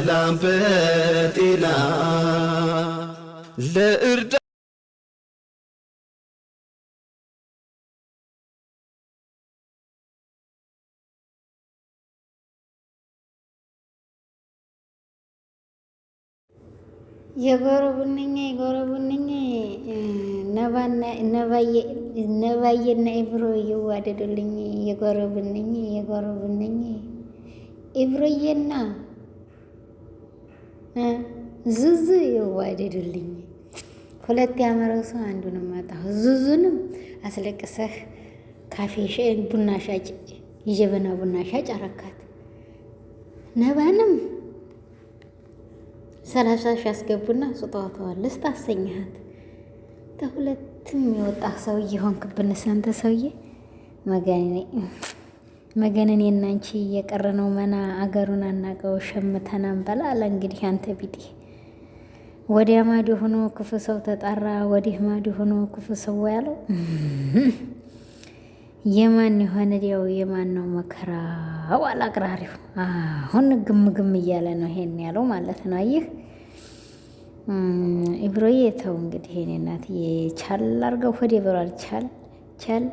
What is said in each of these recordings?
በሰላም በጤና ለእርዳ የጎረቡንኛ የጎረቡንኛ ነባዬና ኢብሮ እየዋደዱልኝ የጎረቡንኝ የጎረቡንኝ ኢብሮዬና ዝዝ ይዋደድልኝ። ሁለት ያመረው ሰው አንዱ ነው አጣሁ። ዙዙንም አስለቅሰህ ካፌ ቡና ሻጭ የጀበና ቡና ሻጭ አረካት። ነባንም ሰላሳ ሺ አስገቡና ስጠዋተዋል። ልስጥ አሰኘሃት። ተሁለትም የወጣ ሰውዬ ሆንክብን። ሳንተ ሰውዬ መጋኔ መገነን የናንቺ እየቀረ ነው መና አገሩን አናቀው ሸምተናም በላለ። እንግዲህ አንተ ቢጤ ወዲያ ማዶ ሆኖ ክፉ ሰው ተጣራ፣ ወዲህ ማዶ ሆኖ ክፉ ሰው ያለው የማን የሆነ ያው የማን ነው መከራው አላቅራሪው። አሁን ግም ግም እያለ ነው ይሄን ያለው ማለት ነው። ይህ ኢብሮዬ ተው እንግዲህ የእኔ እናትዬ ቻል አርገው ወደ ብሯል ቻል ቻል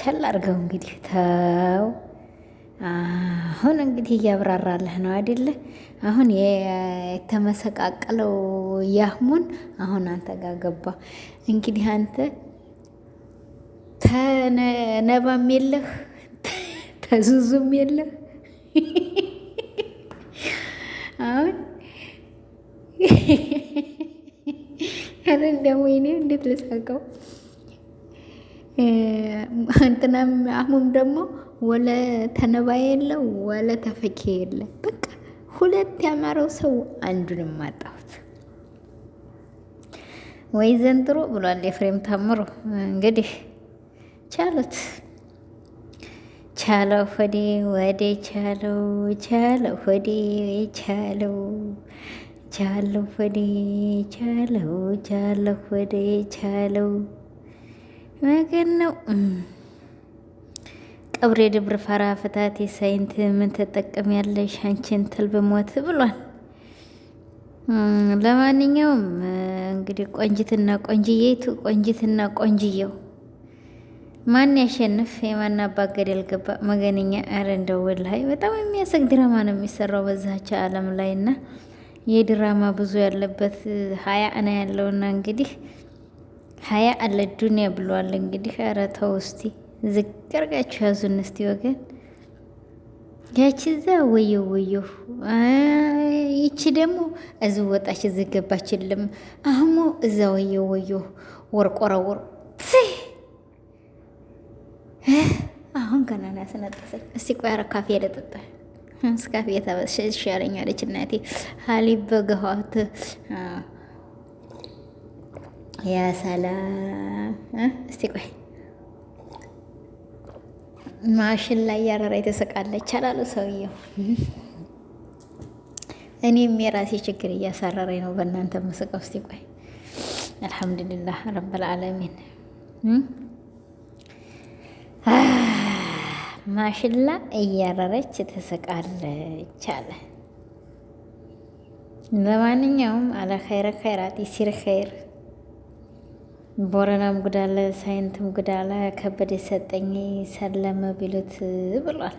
ቻል አርገው እንግዲህ ተው። አሁን እንግዲህ እያብራራልህ ነው አይደለ? አሁን የተመሰቃቀለው ያህሙን አሁን አንተ ጋር ገባ። እንግዲህ አንተ ተነባም የለህ ተዙዙም የለህ። አሁን ያለ እንደሞ ይኔ እንዴት ልሳቀው? እንትናም አህሙም ደግሞ ወለ ተነባ የለ ወለ ተፈኬ የለ። በቃ ሁለት ያማረው ሰው አንዱን አጣሁት። ወይ ዘንድሮ ብሏል ኤፍሬም ታምሮ እንግዲህ ቻሉት ቻለው ሆዴ ወዴ ቻለው ቻለው ሆዴ ቻለው ቻለው ሆዴ ቻለው ቻለው ሆዴ ቻለው መገን ነው። ቀብሬ ድብር ፈራ ፍታት ሳይንት ምን ተጠቀሚያለሽ አንቺን ትል ብሞት ብሏል። ለማንኛውም እንግዲህ ቆንጅትና ቆንጅዬቱ ቆንጅትና ቆንጅየው ማን ያሸንፍ የማን አባት ገደል ገባ መገንኛ። ኧረ እንደው ወላሂ በጣም የሚያሰግ ድራማ ነው የሚሰራው በዛች ዓለም ላይ እና ይህ ድራማ ብዙ ያለበት ሀያ እና ያለውና እንግዲህ ሀያ አለ ዱኒያ ብሏል። እንግዲህ ኧረ ተው እስቲ ዝቀርጋችሁ ያዙን እስቲ ወገን። ያቺ እዛ ወየው ወየው፣ ይቺ ደግሞ እዚ ወጣች እዚ ገባችልም። አህሞ እዛ ወየው ወየው፣ ወርቆረወር አሁን ገና ነው ያስነጠሰኝ። እስቲ ቆይ ኧረ ካፌ ልጠጣ እስካፌ የተሻለኝ አለች እናቴ። ሀሊብ በገኋት ያ ሰላም። እስቲ ቆይ ማሽን ላይ ያረራ የተሰቃለች አላሉ ሰውየው። እኔም የራሴ ችግር እያሳረረኝ ነው። በእናንተ መስቀ ውስጥ ይቆይ። አልሐምዱሊላህ ረብል ማሽላ እያረረች ትስቃለች አለ። ለማንኛውም አለ ኸይረ ኸይራት ይሲር ኸይር ቦረናም ጉዳለ ሳይንትም ጉዳለ ከበደ ሰጠኝ ሰለመ ቢሉት ብሏል።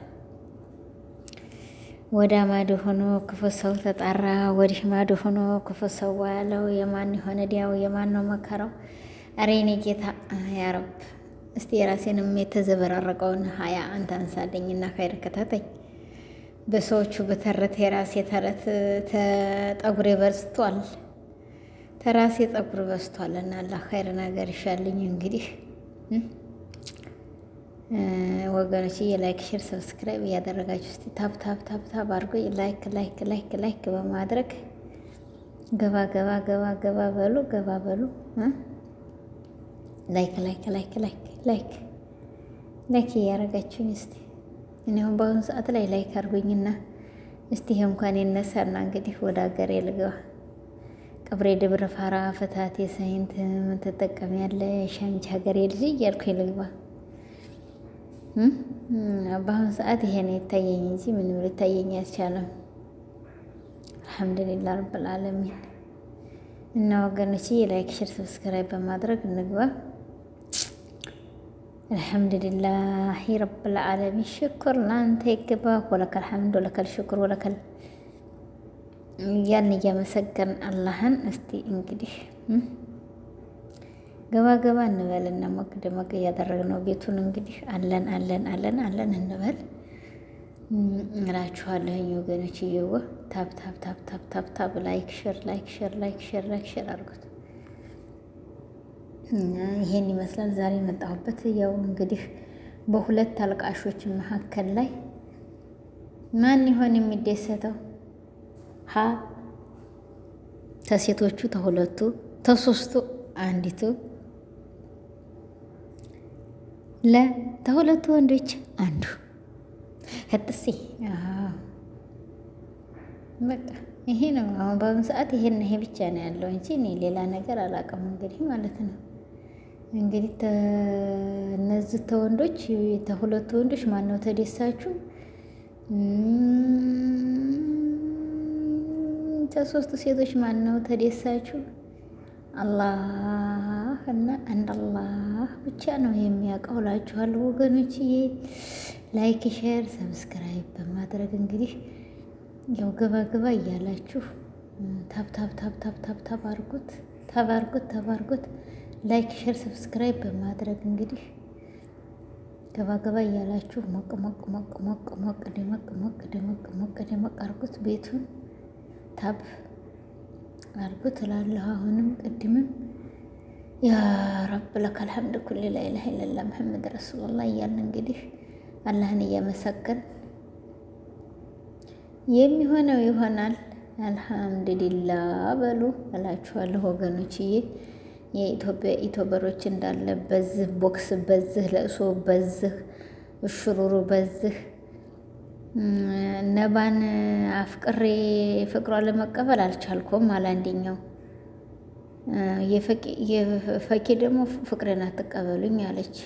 ወደ ማዶ ሆኖ ክፉ ሰው ተጣራ፣ ወዲህ ማዶ ሆኖ ክፉ ሰው ያለው የማን የሆነ ዲያው የማን ነው መከረው? ኧረ የኔ ጌታ ያረብ እስቲ የራሴንም የተዘበራረቀውን ሀያ አንተ እና ኸይር ከታተኝ በሰዎቹ በተረት የራሴ ተረት ተጠጉሬ በርዝቷል። ከራሴ በስቷል እና አላህ ኸይር ነገር ይሻልኝ። እንግዲህ ወገኖች የላይክ ሼር ሰብስክራይብ እያደረጋችሁ ስ ታብ ታብ ታብ ታብ አድርጎ ላይክ ላይክ ላይክ ላይክ በማድረግ ገባ ገባ ገባ ገባ በሉ ገባ በሉ ላይክ ላይክ ላይክ ላይክ ላይክ ላይክ እያደረጋችሁኝ እስቲ እኔሁም በአሁኑ ሰዓት ላይ ላይክ አድርጉኝና እስቲ ይሄ እንኳን ይነሳና እንግዲህ ወደ ሀገር ልገባ ቅብሬ ድብር ፋራ ፍታት የሳይንት ምትጠቀም ያለ ሻንች ሀገር የልጅ እያልኩ ልግባ። በአሁኑ ሰዓት ይሄ ነው ይታየኝ እንጂ ምንም ሊታየኝ አልቻለም። አልሐምዱሊላ ረብልዓለሚን እና ወገኖች የላይክ ሽር፣ ሰብስክራይብ በማድረግ እንግባ። አልሐምዱሊላህ ረብልዓለሚን ሽኩር ለአንተ ይግባ። ወለከል ሐምድ ወለከል ሽኩር ወለከል ያን እያመሰገን አላህን እስቲ እንግዲህ ገባ ገባ እንበልና ሞቅ ደመቅ እያደረግነው ቤቱን እንግዲህ አለን አለን አለን አለን እንበል እላችኋለሁኝ ወገኖች። እየወ ታብ ታብ ታብ ታብ ታብ ታብ ላይክ ሸር ላይክ ሸር ላይክ ሸር ላይክ ሸር አድርጉት። ይሄን ይመስላል ዛሬ የመጣሁበት። ያው እንግዲህ በሁለት አልቃሾች መካከል ላይ ማን ይሆን የሚደሰተው? ሀ ተሴቶቹ ተሁለቱ ተሶስቱ አንዲቱ ለ ተሁለቱ ወንዶች አንዱ ህጥሴ በቃ ይሄ ነው። አሁን በአሁኑ ሰዓት ይሄን ይሄ ብቻ ነው ያለው እንጂ እኔ ሌላ ነገር አላውቅም። እንግዲህ ማለት ነው እንግዲህ እነዚህ ተወንዶች ተሁለቱ ወንዶች ማነው ተደሳችሁ? ብቻ ሶስት ሴቶች ማን ነው ተደሳቹ? አላህ እና አንድ አላህ ብቻ ነው የሚያውቀው እላችኋለሁ ወገኖችዬ። ላይክ፣ ሼር፣ ሰብስክራይብ በማድረግ እንግዲህ ያው ገባ ገባ እያላችሁ ታብ ታብ ታብ ታብ ታብ ታብ አርጉት ታብ ላይክ ሼር ሰብስክራይብ በማድረግ እንግዲህ ገባ ገባ እያላችሁ ሞቅ ሞቅ ሞቅ ሞቅ ሞቅ ደመቅ ሞቅ ደመቅ ሞቅ ደመቅ አርጉት ቤቱን ታብ አድርጉት እላለሁ። አሁንም ቅድምም ያ ረብ ለከ አልሐምድ ኩል ላኢላሀ ኢለላህ መሐመድ ረሱሉላህ እያልን እንግዲህ አላህን እያመሰገን የሚሆነው ይሆናል። አልሐምድሊላህ በሉ እላችኋለሁ ወገኖችዬ። የኢትዮጵያ ኢትዮበሮች እንዳለ በዝህ ቦክስ፣ በዝህ ለእሶ፣ በዝህ እሽሩሩ፣ በዝህ ነባን አፍቅሬ ፍቅሯን ለመቀበል አልቻልኩም አለ አንደኛው። የፈኪ ደግሞ ፍቅሬን አትቀበሉኝ አለች።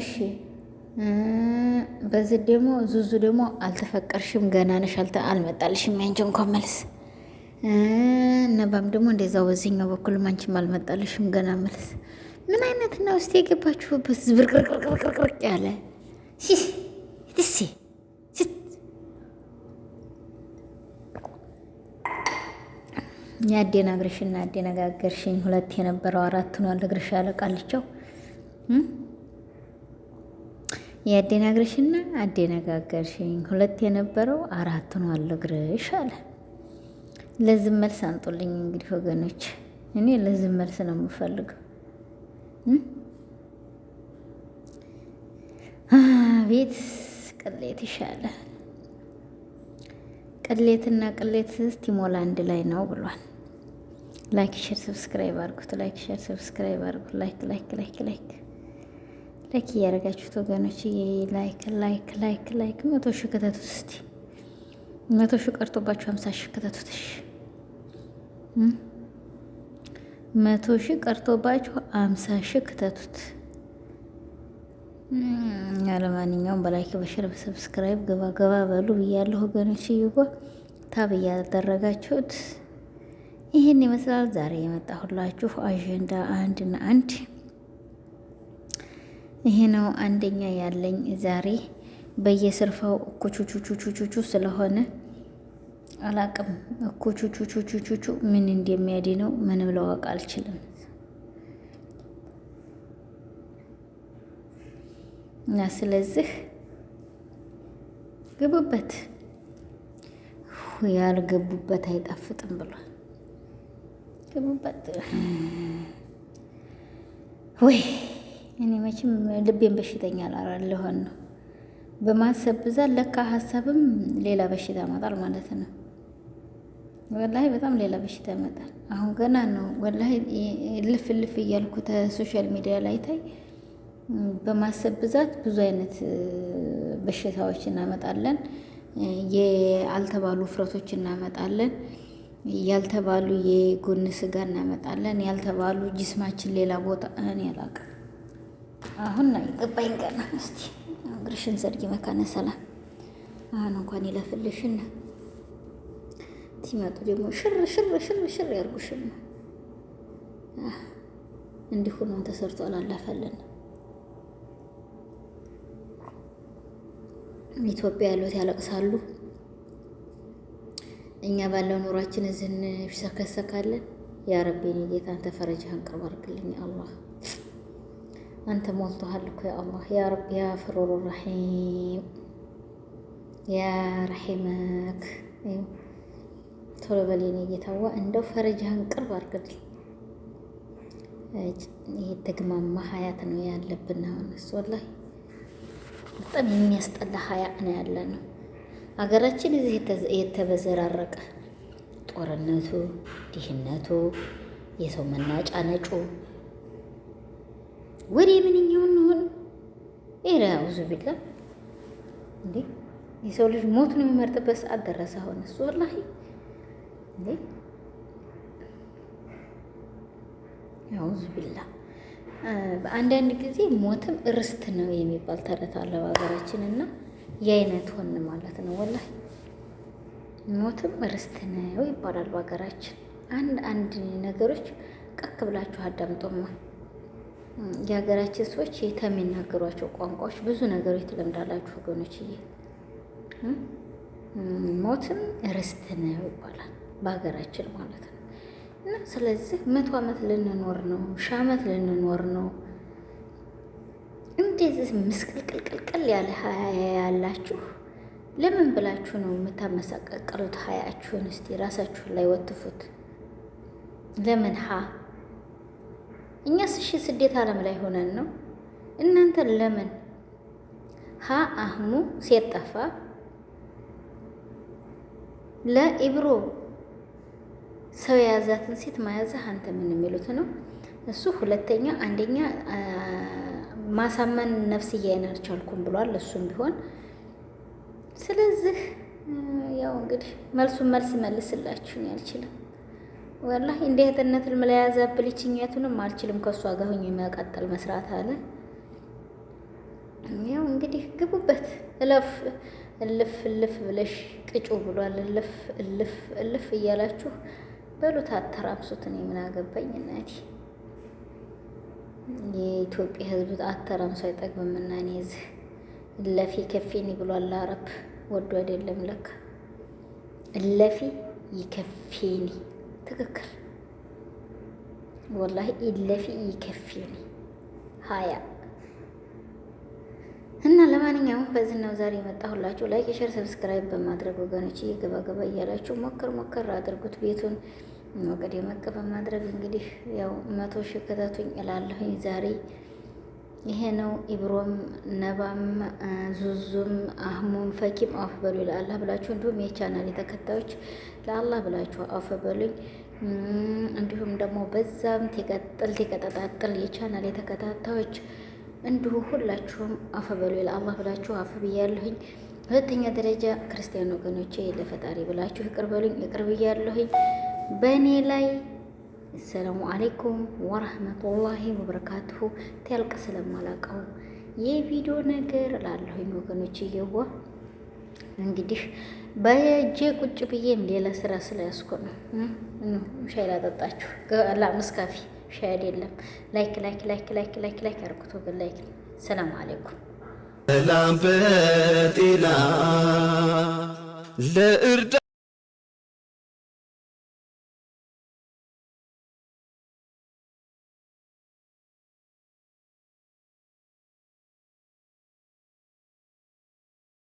እሺ በዚህ ደግሞ ዙዙ ደግሞ አልተፈቀርሽም፣ ገና ነሽ፣ አልመጣልሽም ያንቺ እንኳን መልስ። ነባም ደግሞ እንደዛው በዚህኛው በኩልም አንቺም አልመጣልሽም ገና መልስ። ምን አይነት ነው እስቲ የገባችሁበት ዝብርቅርቅርቅርቅርቅ ያለ 됐지? ያደናግርሽና አደነጋገርሽኝ ሁለት የነበረው አራት ነው አልነግርሽ አለቃልቸው ያደናግርሽና አደነጋገርሽኝ ሁለት የነበረው አራት ነው አልነግርሽ አለ። ለዚህ መልስ አንጡልኝ እንግዲህ ወገኖች፣ እኔ ለዚህ መልስ ነው የምፈልገው። ቤት ቅሌት ይሻላል። ቅሌትና ቅሌት እስቲሞላ አንድ ላይ ነው ብሏል። ላይክ ሼር ሰብስክራይብ አድርጉት። ላይክ ሼር ሰብስክራይብ አድርጉት። ላይክ ላይክ ላይክ ላይክ ላይክ እያደረጋችሁት ወገኖች ላይክ ላይክ ላይክ ላይክ መቶ ሺህ ከተቱት እስቲ መቶ ሺህ ቀርቶባችሁ ሀምሳ ሺህ ከተቱት እሺ፣ መቶ ሺህ ቀርቶባችሁ ሀምሳ ሺህ ከተቱት። ለማንኛውም በላይክ በሽር በሰብስክራይብ ገባ ገባ በሉ ብያለሁ ወገኖች። ይጎ ታብ እያደረጋችሁት ይህን ይመስላል ዛሬ የመጣሁላችሁ አጀንዳ አንድና አንድ ይሄ ነው። አንደኛ ያለኝ ዛሬ በየስርፋው እኩቹቹቹቹቹቹ ስለሆነ አላቅም። እኩቹቹቹቹቹ ምን እንደሚያድነው ምንም ለዋቅ አልችልም። እና ስለዚህ ግቡበት፣ ያልገቡበት አይጣፍጥም ብሏል። ግቡበት ወይ እኔ መቼም ልቤን በሽተኛ ላሆን ነው በማሰብ ብዛት ለካ ሀሳብም ሌላ በሽታ ያመጣል ማለት ነው። ወላሂ በጣም ሌላ በሽታ ያመጣል። አሁን ገና ነው ወላሂ ልፍ ልፍ እያልኩ ሶሻል ሚዲያ ላይ ታይ በማሰብ ብዛት ብዙ አይነት በሽታዎች እናመጣለን። የአልተባሉ ውፍረቶች እናመጣለን። ያልተባሉ የጎን ስጋ እናመጣለን። ያልተባሉ ጅስማችን ሌላ ቦታ እኔ አላውቅም። አሁን ና ይገባኝ ቀና ስቲ እግርሽን ዘርጊ መካነ ሰላም። አሁን እንኳን ይለፍልሽና ሲመጡ ደግሞ ሽር ሽር ሽር ሽር ያርጉሽና እንዲሁ ነው ተሰርቶ አላለፈልን ኢትዮጵያ ያሉት ያለቅሳሉ። እኛ ባለው ኑሯችን እዝን ይሰከሰካለን። ያ ረቢ ጌታ አንተ ፈረጃህን ቅርብ አድርግልኝ አላህ። አንተ ሞልቶሃል እኮ ያ ያ ረቢ ያ ፍሩሩ ራሒም ያ ረሒመክ ቶሎ በሌኔ ጌታዋ፣ እንደው ፈረጃህን ቅርብ አድርግልኝ። ይህ ተግማማ ሀያት ነው ያለብን አሁን እሱ ወላሂ በጣም የሚያስጠላ ሀያ ነው ያለ ነው ሀገራችን እዚህ የተበዘራረቀ ጦርነቱ፣ ድህነቱ፣ የሰው መናጫ ነጩ ወደ ምንኛው እንሆን ኤራ ውዙ ቢላ እንዴ የሰው ልጅ ሞቱን የሚመርጥበት ሰዓት ደረሰ። ሆነ እሱ ወላሂ እንዴ ያውዙ ቢላ አንዳንድ ጊዜ ሞትም ርስት ነው የሚባል ተረት አለ በሀገራችን እና የአይነት ሆን ማለት ነው። ወላሂ ሞትም ርስት ነው ይባላል በሀገራችን። አንድ አንድ ነገሮች ቀክ ብላችሁ አዳምጦማ የሀገራችን ሰዎች የተሚናገሯቸው ቋንቋዎች ብዙ ነገሮች ትለምዳላችሁ ወገኖችዬ። ሞትም ርስት ነው ይባላል በሀገራችን ማለት ነው። እና ስለዚህ መቶ ዓመት ልንኖር ነው፣ ሺህ ዓመት ልንኖር ነው። እንደዚህ ምስቅልቅልቅልቅል ያለ ሀያ ያላችሁ ለምን ብላችሁ ነው የምታመሳቀቀሉት? ሀያችሁን እስቲ ራሳችሁን ላይ ወትፉት። ለምን ሀ እኛስ ስሺ ስደት ዓለም ላይ ሆነን ነው። እናንተ ለምን ሀ አህሙ ሴት ጠፋ ለኢብሮ ሰው የያዛትን ሴት መያዝህ አንተ ምን የሚሉት ነው? እሱ ሁለተኛ፣ አንደኛ ማሳመን ነፍስዬን አልቻልኩም ብሏል። እሱም ቢሆን ስለዚህ ያው እንግዲህ መልሱን መልስ መልስላችሁን አልችልም። ወላ እንደ እህትነት ለያዘ ብልችኛቱንም አልችልም ከእሷ ጋር ሆኜ የሚያቃጠል መስራት አለ። ያው እንግዲህ ግቡበት፣ እለፍ እልፍ እልፍ ብለሽ ቅጩ ብሏል። እልፍ እልፍ እልፍ እያላችሁ በሉት አተራምሱት። እኔ ምን አገባኝ እናቴ። የኢትዮጵያ ሕዝብ አተራምሶ አይጠግብም። እና እኔ እዚህ እለፊ ከፊኒ ብሏል አረብ ወዶ አይደለም ለካ እለፊ ይከፊኒ። ትክክል ወላሂ እለፊ ይከፊኒ ሀያ እና ለማንኛውም በዚህ ነው ዛሬ የመጣሁላችሁ። ላይክ፣ ሼር፣ ሰብስክራይብ በማድረግ ወገኖች ገባ እያላችሁ ሞከር ሞከር አድርጉት። ቤቱን ወቅድ የመቀ በማድረግ እንግዲህ ያው መቶ ሺህ ከተቱኝ እላለሁ ዛሬ ይሄ ነው። ኢብሮም ነባም ዙዙም አህሙም ፈኪም አፍ በሉኝ ለአላህ ብላችሁ፣ እንዲሁም የቻናል የተከታዮች ለአላህ ብላችሁ አፍ በሉኝ። እንዲሁም ደግሞ በዛም ቲቀጥል ቲቀጠጣጥል የቻናል የተከታታዮች እንዲሁ ሁላችሁም አፈበሉ በሉ ለአላህ ብላችሁ አፈ ብያለሁኝ። ሁለተኛ ደረጃ ክርስቲያን ወገኖቼ ለፈጣሪ ብላችሁ ይቅር በሉኝ፣ ይቅር ብያለሁኝ በእኔ ላይ አሰላሙ አሌይኩም ወረህመቱላሂ ወበረካቱሁ። ትያልቅ ስለማላውቀው የቪዲዮ ነገር ላለሁኝ ወገኖች እየዋ እንግዲህ በእጄ ቁጭ ብዬም ሌላ ስራ ስለያዝኩ ነው። ሻይ ላጠጣችሁ፣ ላምስካፊ ሸድ የለም። ላይክ ላይክ ላይክ ላይክ ላይክ ላይክ አርጉት ወገን ላይክ። ሰላም አለይኩም ሰላም በጤና ለእርዳ